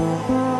Música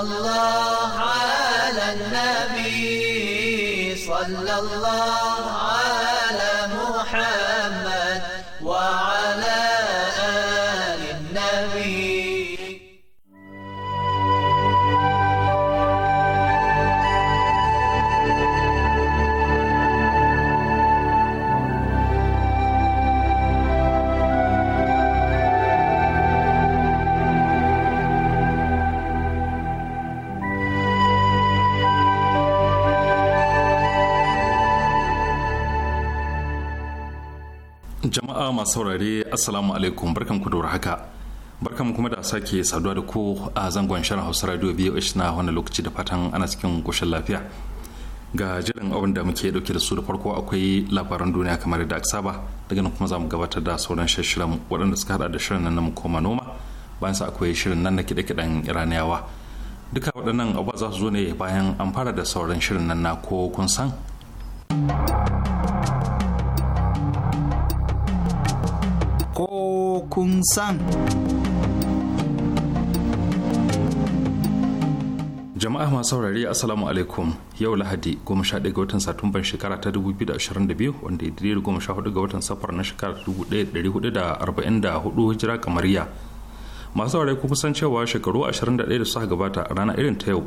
الله على النبي صلى الله masu saurare assalamu alaikum barkan ku da haka barkan kuma da sake saduwa da ku a zangon shirin hausa radio voh na wani lokaci da fatan ana cikin koshin lafiya ga jiran abin da muke dauke da su da farko akwai labaran duniya kamar da saba daga nan kuma za mu gabatar da sauran shirin waɗanda suka hada da shirin nan mu koma noma bayan sa akwai shirin nan na kiɗe-kiɗen iraniyawa duka waɗannan abubuwa za su zo ne bayan an fara da sauran shirin nan na ko kun san ko kun san. jama'a masu saurari assalamu alaikum yau lahadi 11 ga watan satumban shekara ta 2022 wanda ya dire 14 ga watan safar na shekara 1444 hijira kamariya masu saurari kuma san cewa shekaru 21 da suka gabata a rana irin ta yau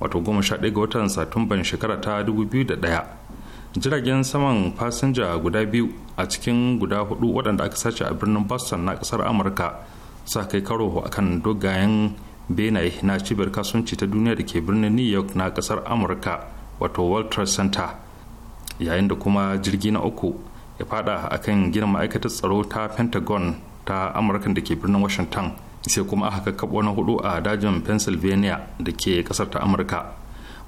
wato 11 ga watan satumban shekara ta ɗaya. jiragen saman fasinja guda biyu a cikin guda hudu waɗanda aka sace a birnin boston na ƙasar amurka sa kai karo akan dogayen benaye na cibiyar kasuwanci ta duniya da ke birnin new york na ƙasar amurka wato world trade center yayin da kuma jirgi na uku ya fada akan gina ma'aikatar tsaro ta pentagon ta amurka da ke birnin washington sai kuma aka kakkaɓo na hudu a dajin pennsylvania da ke ƙasar ta amurka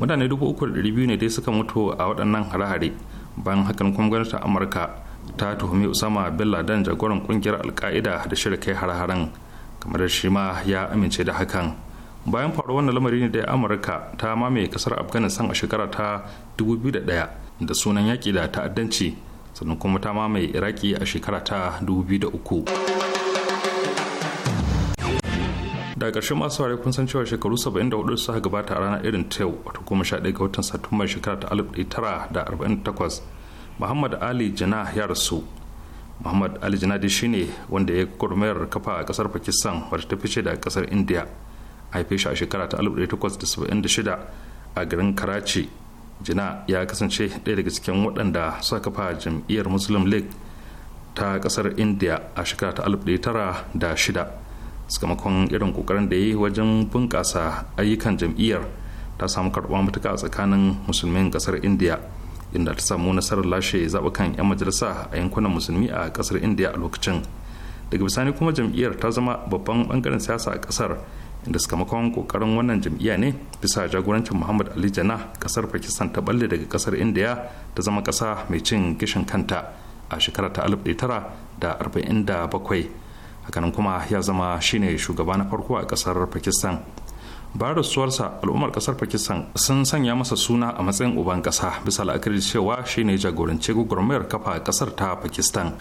mutane biyu ne dai suka mutu a waɗannan hare-hare bayan hakan kuma gwamnatin amurka ta tuhumi usama bin laden jagoran kungiyar alka'ida da shirin kai hare-haren kamar shi ma ya amince da hakan bayan faruwar wannan lamari ne da amurka ta mamaye kasar afghanistan a shekara ta 2001 da sunan yaƙi da ta'addanci sannan kuma ta mamaye iraki a shekara ta 2003 da ƙarshen masu ware kun san cewa shekaru 74 su gabata a ranar irin ta yau wato goma sha ɗaya ga watan satumbar shekara ta 1948 muhammad ali jana ya rasu muhammad ali dai shine wanda ya gurmayar kafa a kasar pakistan wadda ta fice da kasar india haife shi a shekara ta 1876 a garin karachi jina ya kasance ɗaya daga cikin waɗanda suka kafa jam'iyyar muslim league ta kasar india a shekara ta 1906 sakamakon irin kokarin da ya yi wajen bunkasa ayyukan jam'iyyar ta samu karɓuwa matuka a tsakanin musulmin ƙasar indiya inda ta samu nasarar lashe zaɓukan 'yan majalisa a yankunan musulmi a ƙasar indiya a lokacin daga bisani kuma jam'iyyar ta zama babban bangaren siyasa a ƙasar inda sakamakon kokarin wannan jam'iyya ne bisa jagorancin muhammad ali jana ƙasar pakistan ta balle daga ƙasar indiya ta zama ƙasa mai cin gishin kanta a shekara ta tara da da arba'in bakwai. hakanan kuma ya zama shine shugaba na farko a kasar pakistan bayan rasuwarsa al'ummar kasar pakistan sun sanya masa suna a matsayin uban kasa bisa la'akari cewa shine jagorance gwagwarmayar kafa kasar ta pakistan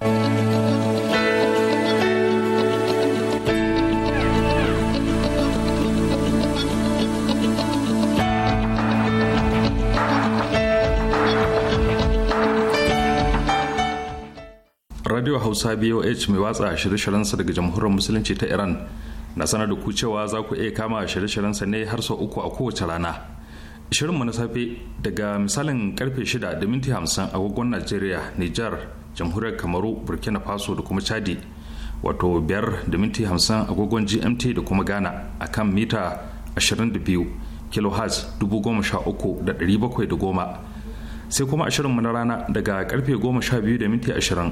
hausa boh mai watsa shirye-shiryensa daga jamhuriyar musulunci ta iran na sanar da ku cewa za ku iya kama shirye-shiryensa ne har sau uku a kowace rana shirinmu na safe daga misalin karfe shida da minti hamsin agogon najeriya nijar jamhuriyar kamaru burkina faso da kuma chadi wato 5 da minti 50 agogon gmt da kuma ghana a kan mita 22 da 13710 sai kuma ashirinmu na rana daga karfe goma sha biyu da minti ashirin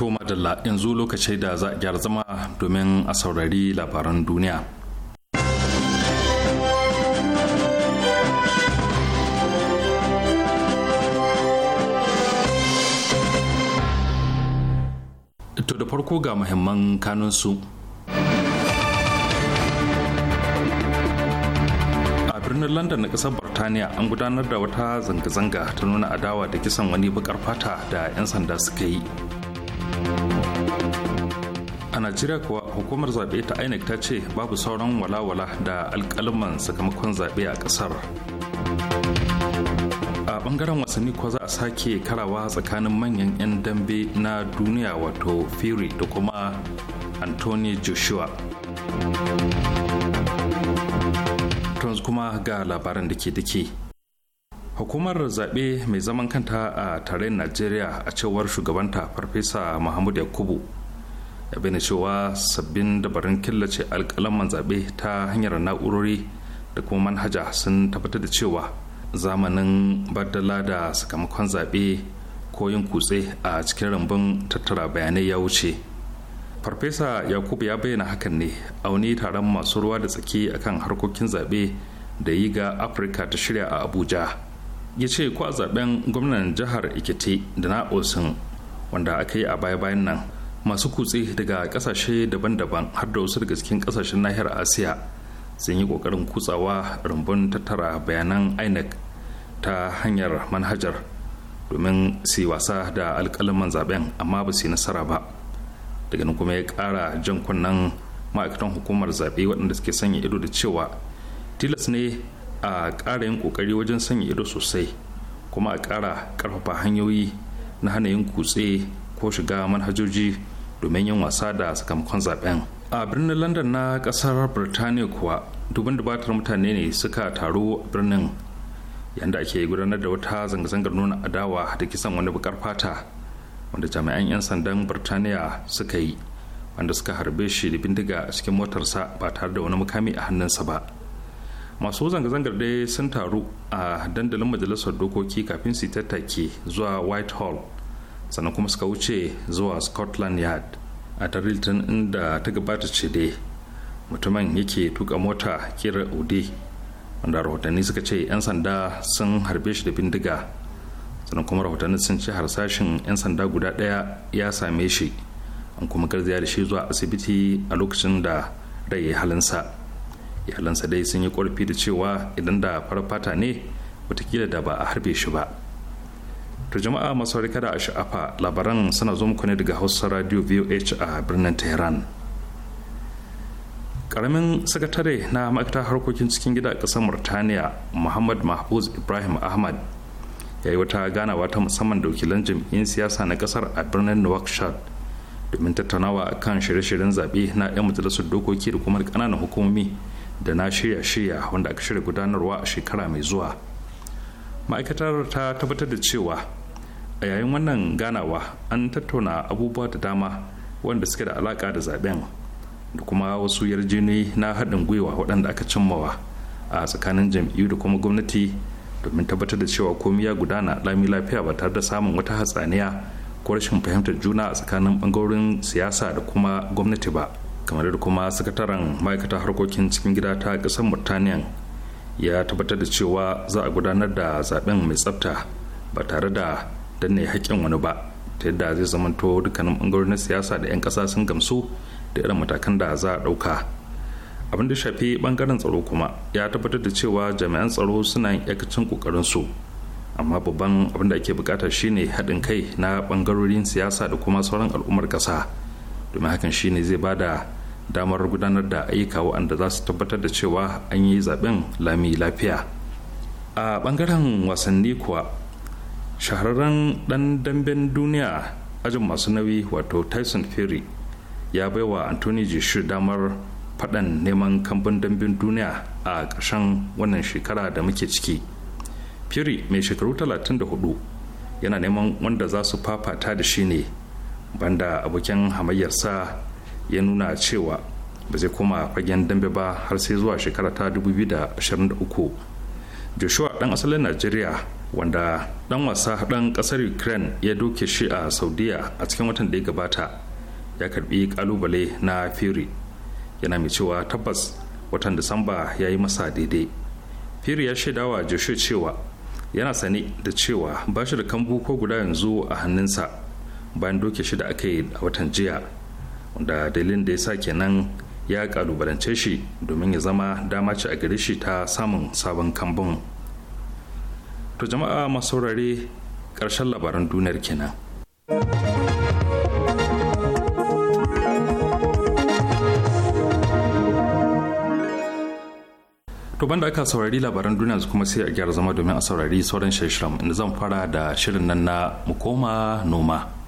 To madalla yanzu lokacin da za a gyara zama domin a saurari labaran duniya. To da farko ga muhimman kanunsu. A birnin London na kasar Birtaniya an gudanar da wata zanga-zanga ta nuna adawa da kisan wani bakar fata da 'yan sanda suka yi. a najeriya kuwa hukumar zaɓe ta inec ta ce babu sauran walawala da alƙalman sakamakon zaɓe a ƙasar a ɓangaren wasanni kuwa za a sake karawa tsakanin manyan 'yan dambe na duniya wato fury da kuma anthony joshua kuma ga labaran da ke dake hukumar zaɓe mai zaman kanta a tarayyar najeriya a cewar shugabanta farfesa mahmud yakubu ya bayyana cewa sabbin dabarun killace alkalaman zaɓe ta hanyar na'urori da kuma manhaja sun tabbatar da cewa zamanin badala da sakamakon zaɓe ko yin kutse a cikin rambun tattara bayanai ya wuce farfesa yakubu ya bayyana hakan ne a wani taron masu ruwa da tsaki akan harkokin zaɓe da yi ga afirka ta shirya a abuja ya ce ko a zaben gwamnan jihar ikiti da na osun wanda aka yi a baya-bayan nan masu kutse daga kasashe daban-daban har da wasu daga cikin kasashen nahiyar asiya sun yi kokarin kutsawa rumbun tattara bayanan inec ta hanyar manhajar domin su wasa da alkalaman zaben amma ba su yi nasara ba daga nan kuma ya kara jan kunnen ma'aikatan hukumar zaɓe waɗanda suke sanya ido da cewa tilas ne a ƙara yin ƙoƙari wajen sanya ido sosai kuma a ƙara ƙarfafa hanyoyi na hanayin kutse ko shiga manhajoji domin yin wasa da sakamakon zaben a birnin london na ƙasar birtaniya kuwa dubin dubatar mutane ne suka taru a birnin yadda ake gudanar da wata zanga-zangar nuna adawa da kisan wani bakar fata wanda jami'an 'yan sandan birtaniya suka yi wanda suka harbe shi da bindiga a cikin motarsa ba tare da wani mukami a hannunsa ba masu zanga-zangar dai sun taru a dandalin majalisar dokoki kafin su tattake zuwa whitehall sannan kuma suka wuce zuwa scotland yard a tarihin inda ta gabata ce dai mutumin yake tuka mota kira ude wanda rahotanni suka ce 'yan sanda sun harbe shi da bindiga sannan kuma rahotanni sun ce harsashin 'yan sanda guda ɗaya ya same shi an kuma garzaya da shi zuwa asibiti a lokacin da rai halinsa iyalansa dai sun yi ƙorafi da cewa idan da farfata ne watakila da ba a harbe shi ba ta jama'a masu kada a sha'afa labaran suna zo muku ne daga hausa radio voh a birnin tehran ƙaramin sakatare na ma'aikatar harkokin cikin gida ƙasar murtaniya muhammad mahfuz ibrahim ahmad ya yi wata ganawa ta musamman da wakilan jam'in siyasa na ƙasar a birnin nouakchott domin tattaunawa kan shirye-shiryen zaɓe na 'yan majalisar dokoki da kuma ƙananan hukumomi da na shirya-shirya wanda aka shirya gudanarwa a shekara mai zuwa ma'aikatar ta tabbatar da cewa a yayin wannan ganawa an tattauna abubuwa da dama wanda suke da alaka da zaben da kuma wasu yarjini na haɗin gwiwa waɗanda aka cimmawa a tsakanin jam'iyyu da kuma gwamnati domin tabbatar da cewa komai ya gudana lami lafiya ba tare da samun wata hatsaniya ko rashin fahimtar juna a tsakanin ɓangarorin siyasa da kuma gwamnati ba kamar da kuma sakataren ma'aikatar harkokin cikin gida ta ƙasar murtaniya ya tabbatar da cewa za a gudanar da zaben mai tsafta ba tare da danne haƙƙin wani ba ta yadda zai zamanto dukkanin ɓangarorin siyasa da 'yan ƙasa sun gamsu da irin matakan da za a ɗauka abin da shafi ɓangaren tsaro kuma ya tabbatar da cewa jami'an tsaro suna yin yakacin ƙoƙarin su amma babban abin da ake bukata shine haɗin kai na ɓangarorin siyasa da kuma sauran al'ummar ƙasa domin hakan shine zai ba da damar gudanar da ayyuka waɗanda za su tabbatar da cewa an yi zaben lami lafiya a ɓangaren wasanni kuwa shahararren ɗan damben duniya ajin masu nauyi wato tyson fury ya bai wa anthony jishu damar faɗan neman kambun damben duniya a ƙarshen wannan shekara da muke ciki fury mai shekaru 34 yana neman wanda za su fafata da shi ne banda abokin hamayyarsa ya nuna cewa ba zai koma fagen dambe ba har sai zuwa shekara ta 2023 joshua dan asalin najeriya wanda dan wasa dan kasar ukraine ya doke shi a saudiya a cikin watan da ya gabata ya karbi kalubale na fury yana mai cewa tabbas watan disamba ya yi masa daidai fury ya shaidawa joshua cewa yana sane da cewa ba shi da kambu ko guda yanzu a hannunsa bayan doke shi da aka yi a watan jiya wanda dalilin da ya sa kenan ya kalubalance shi domin ya zama dama ce a gare shi ta samun sabon kambun to jama'a masu saurare ƙarshen labaran duniyar kenan To banda aka saurari labaran duniya kuma sai a gyara zama domin a saurari sauran shirin inda zan fara da shirin nan na mu koma noma.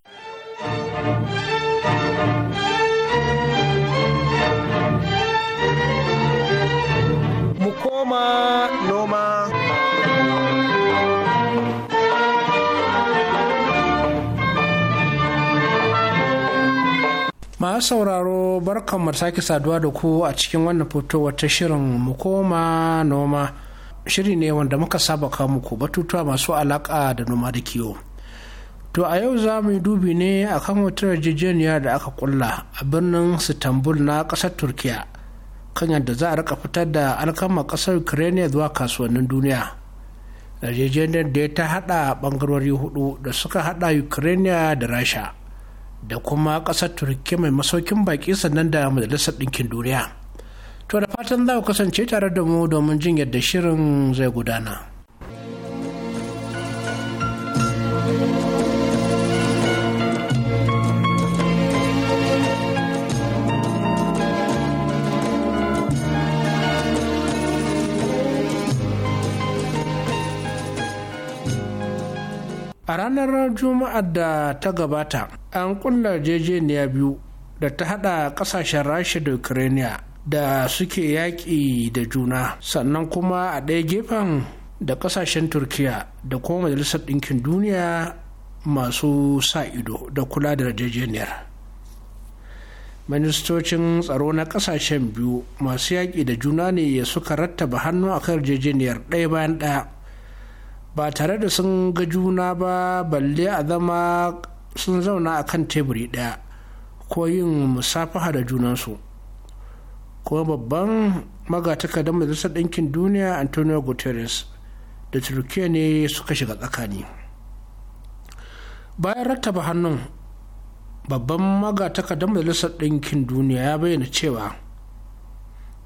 Mu noma. masu sauraro barkan sake saduwa da ku a cikin wannan fito wata shirin mu koma noma shiri ne wanda muka saba muku batutuwa masu alaka da noma da kiwo. to a yau za mu yi dubi ne a akan wata yarjejeniya da aka kulla a birnin istanbul na ƙasar turkiya kan yadda za a rika fitar da alkama ƙasar ukraine zuwa kasuwannin duniya yarjejeniyar da ya ta hada bangarori hudu da suka haɗa ukraine da rasha da kuma ƙasar turkiya mai masaukin baƙi sannan da majalisar ɗinkin duniya to da fatan za ku kasance tare da mu domin jin yadda shirin zai gudana. a ranar juma'ar da ta gabata an kulla jejeniya biyu da ta haɗa ƙasashen rasha da ukraine da suke yaƙi da juna sannan kuma a ɗaya gefen da ƙasashen turkiya da kuma majalisar ɗinkin duniya masu sa ido da kula da yarjejeniyar ministocin tsaro na ƙasashen biyu masu yaƙi da juna ne suka rattaba hannu a kan yarjejeniyar ɗaya bayan ɗaya ba tare da sun ga juna ba balle a zama sun zauna a kan teburi ɗaya ko yin musafaha da junansu kuma babban magataka da majalisar ɗinkin duniya antonio guterres da turkiya ne suka shiga tsakani bayan rattaba hannun babban magataka da majalisar ɗinkin duniya ya bayyana cewa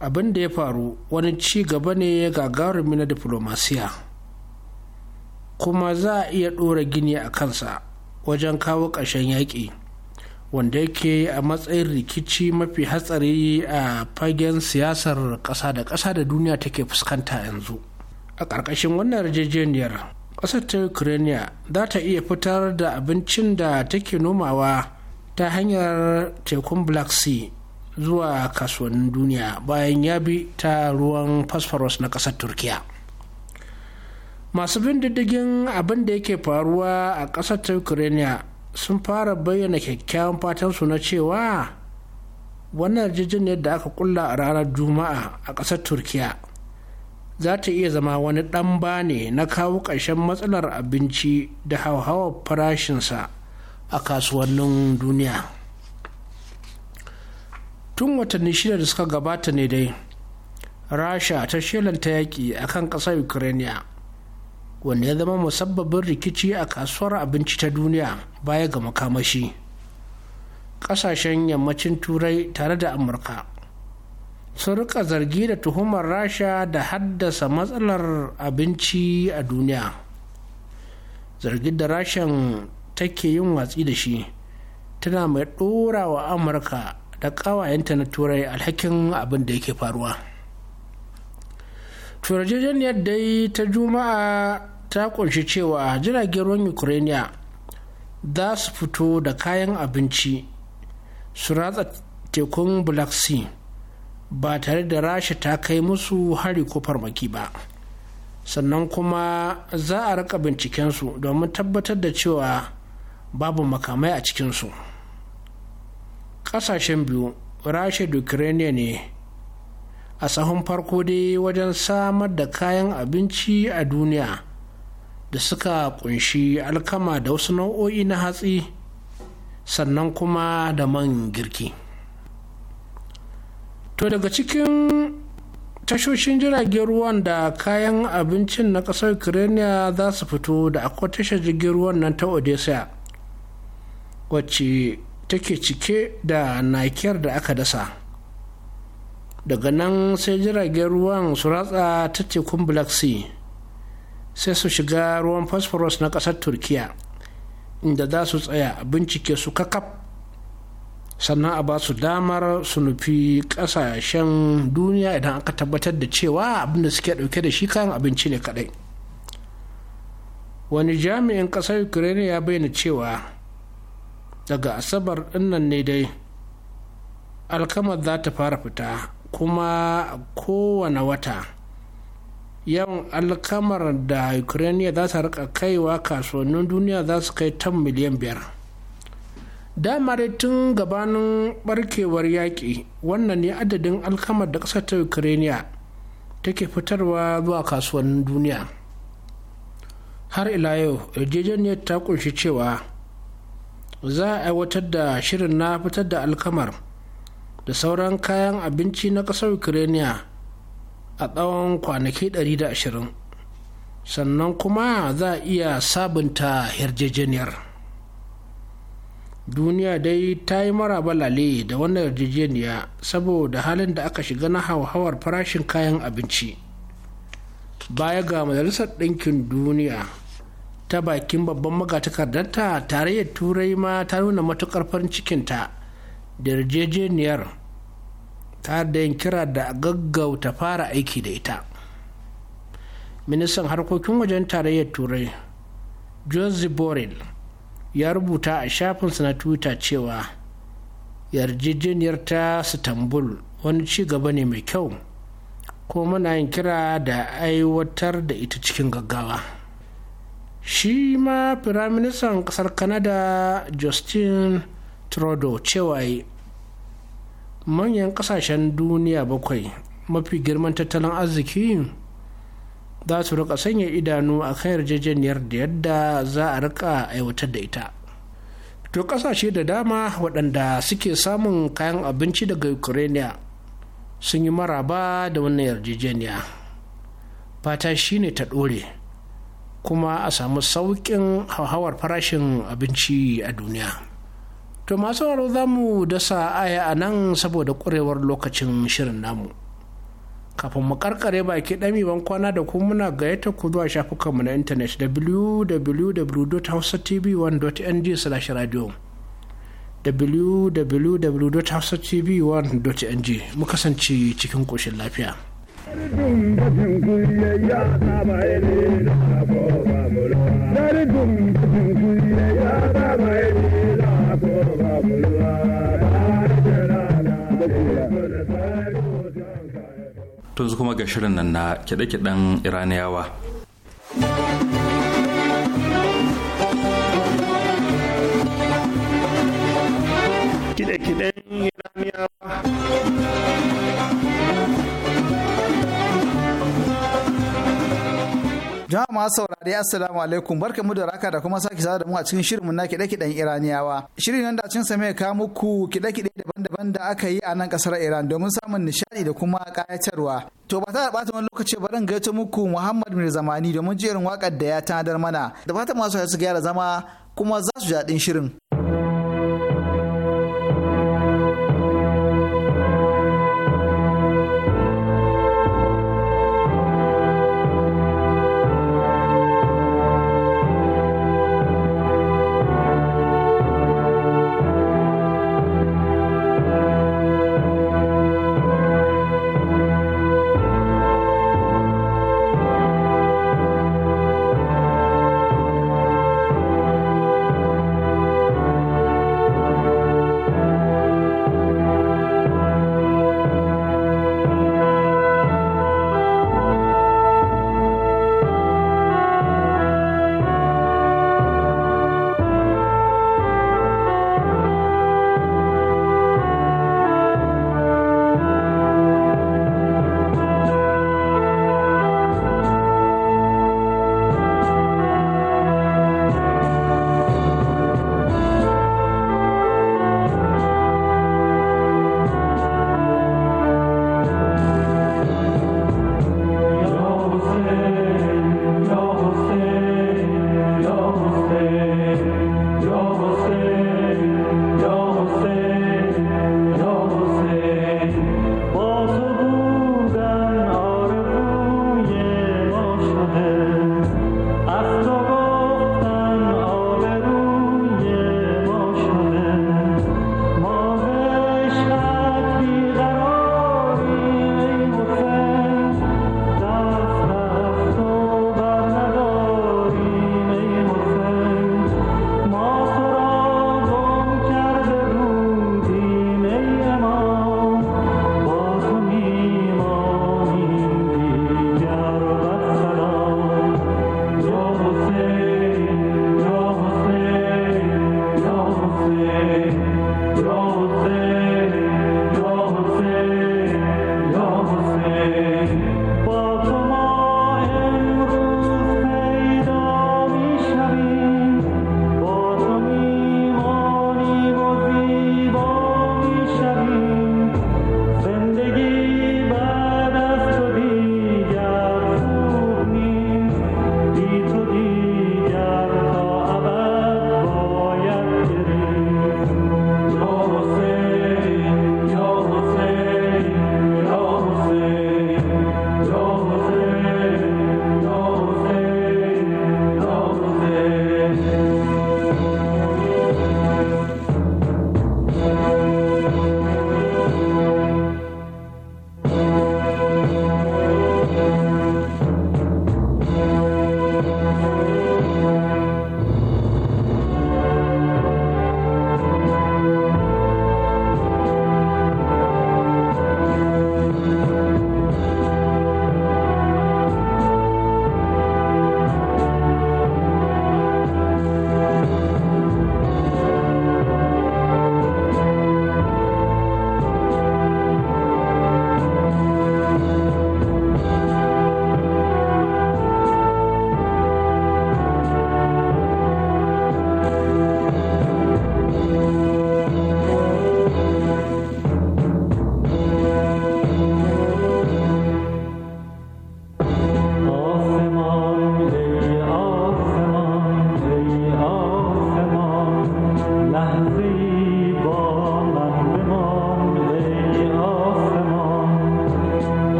abin da ya faru wani ci gaba ne gagarumi na diflomasiya. kuma za a iya ɗora gini a kansa wajen kawo ƙarshen yaƙi wanda yake a matsayin rikici mafi hatsari a fagen siyasar ƙasa da ƙasa da duniya take fuskanta yanzu a ƙarƙashin wannan yarjejeniyar ƙasar ta ukraine za ta iya fitar da abincin da take nomawa ta hanyar tekun black sea zuwa kasuwannin duniya bayan ya bi ta ruwan phosphorus na ƙasar turkiya masu bin diddigin abin da yake faruwa a ƙasar ta ukraine sun fara bayyana kyakkyawan fatansu na cewa wannan yarjejeniyar da aka kulla a ranar juma'a a ƙasar turkiya za ta iya zama wani ɗan bane na kawo ƙarshen matsalar abinci da hauhawar farashinsa a kasuwannin duniya tun watanni shida da suka gabata ne dai rasha ta shelanta yaƙi a kan ƙasar ukraine wanda ya zama musabbabin rikici a kasuwar abinci ta duniya baya ga makamashi Kasashen yammacin turai tare da amurka sun rika zargi da tuhumar rasha da haddasa matsalar abinci a duniya zargin da rashin take yin watsi da shi tana mai ɗora wa amurka da ƙawayenta na turai alhakin abin da yake faruwa turjejeniyar yadda ta juma'a ta kunshi cewa jiragen ruwan ukraine za su fito da kayan abinci su ratsa tekun black sea ba tare da rasha ta kai musu hari ko farmaki ba sannan kuma za a rika bincikensu domin tabbatar da cewa babu makamai a cikinsu ƙasashen biyu rasha da ukraine ne a sahun farko dai wajen samar da kayan abinci a duniya da suka kunshi alkama da wasu nau'o'i na hatsi sannan kuma da man girki to daga cikin tashoshin jiragen ruwan da kayan abincin na ƙasar ukraine za su fito da akwai tashar jirgin ruwan nan ta odessa wacce take cike da nakiyar da aka dasa daga nan sai jiragen ruwan su ratsa ta tekun black sea sai su shiga ruwan phosphorus na ƙasar turkiya inda za su tsaya a bincike su kakaf sannan a ba su damar su nufi ƙasashen duniya idan aka tabbatar da cewa abinda suke ɗauke da shi kayan abinci ne kaɗai wani jami'in ƙasar ukraine ya bayyana cewa daga asabar ɗinnan ne dai alkamar za ta fara fita kuma kowane wata yawan alkamar da ukraine za ta rika kaiwa kasuwannin duniya za su kai tan miliyan biyar dama dai tun gabanin barkewar yaƙi wannan ne adadin alkamar da ƙasar ta ukraine take fitarwa zuwa kasuwannin duniya har ila yau yarjejeniyar ta kunshi cewa za a aiwatar da shirin na fitar da alkamar da sauran kayan abinci na ƙasar ukraine a tsawon kwanaki 120 sannan kuma za a iya sabunta yarjejeniyar duniya dai ta yi balale da wannan yarjejeniya saboda halin da aka shiga na hauhawar farashin kayan abinci baya ga majalisar ɗinkin duniya ta bakin babban magatakardarta tarayyar turai ma ta nuna matukar farin cikinta da yarjejeniyar ta da yin kira da gaggauta fara aiki da ita ministan harkokin wajen tarayyar turai joseph borrell ya rubuta a shafinsa na twitter cewa yarjejeniyar ta istanbul wani ci gaba ne mai kyau ko muna yin kira da aiwatar da ita cikin gaggawa shi ma firaministan kasar Kanada justin trudeau cewa manyan kasashen duniya bakwai mafi girman tattalin arziki za su rika sanya idanu a kan yarjejeniyar da yadda za a rika aiwatar da ita to kasashe da dama waɗanda suke samun kayan abinci daga ukraine sun yi maraba da wannan yarjejeniya fata shi ne ta ɗore kuma a samu sauƙin hauhawar farashin abinci a duniya. to masu sauraro za mu dasa aya a nan saboda ƙwarewar lokacin shirin namu kafin mu karkare baki ɗami ban kwana da kuma muna gayyata ku zuwa shafukanmu na intanet www.hausatv1.ng slash radio www.hausatv1.ng mu kasance cikin ƙoshin lafiya. Daridun ya ya ya na ya Tunzu kuma ga shirin nan na kiɗe-kiɗen Iraniyawa. Kiɗe-kiɗe masu saurari assalamu alaikum mu da raka da kuma sake sada da mu a cikin shirinmu na kiɗe-kiɗen Iraniyawa. Shirin nan da cin sa mai ka muku kiɗe-kiɗe daban-daban da aka yi a nan ƙasar Iran domin samun nishaɗi da kuma kayatarwa. To ba ta da ɓata wani lokaci ba zan gaito muku Muhammad zamani domin jerin wakar da ya tanadar mana. Da fatan masu su gyara zama kuma za su ji daɗin shirin.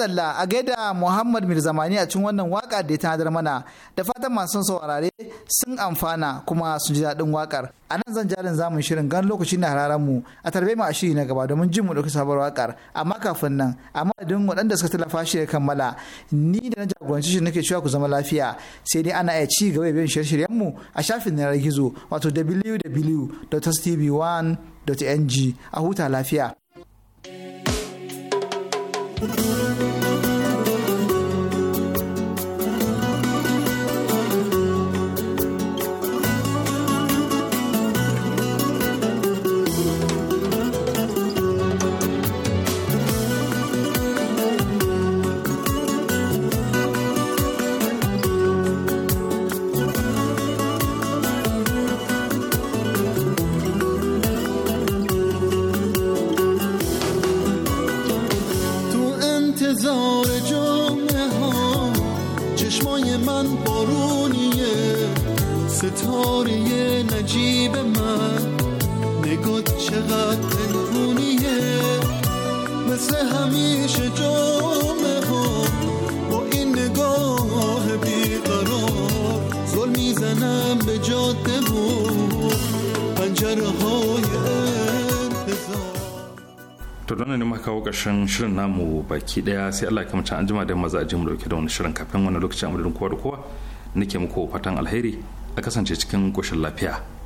madalla a gaida Muhammad Mirzamani a cikin wannan waka da ya tanadar mana da fatan masu saurare sun amfana kuma sun ji daɗin wakar. A nan zan jarin zamun shirin gan lokaci na hararen mu a tarbe mu a shiri na gaba domin jin mu ɗauki sabuwar wakar amma kafin nan amma da dun waɗanda suka tallafa shi ya kammala ni da na jagoranci shi nake cewa ku zama lafiya sai dai ana iya ci gaba bin shirye-shiryen mu a shafin na gizo wato www.tv1.ng a huta lafiya. thank you karshen shirin namu baki daya sai Allah ya an jima da maza a mu dauke da wani shirin kafin wani lokaci a madadin kowa da kowa nake muku fatan alheri a kasance cikin koshin lafiya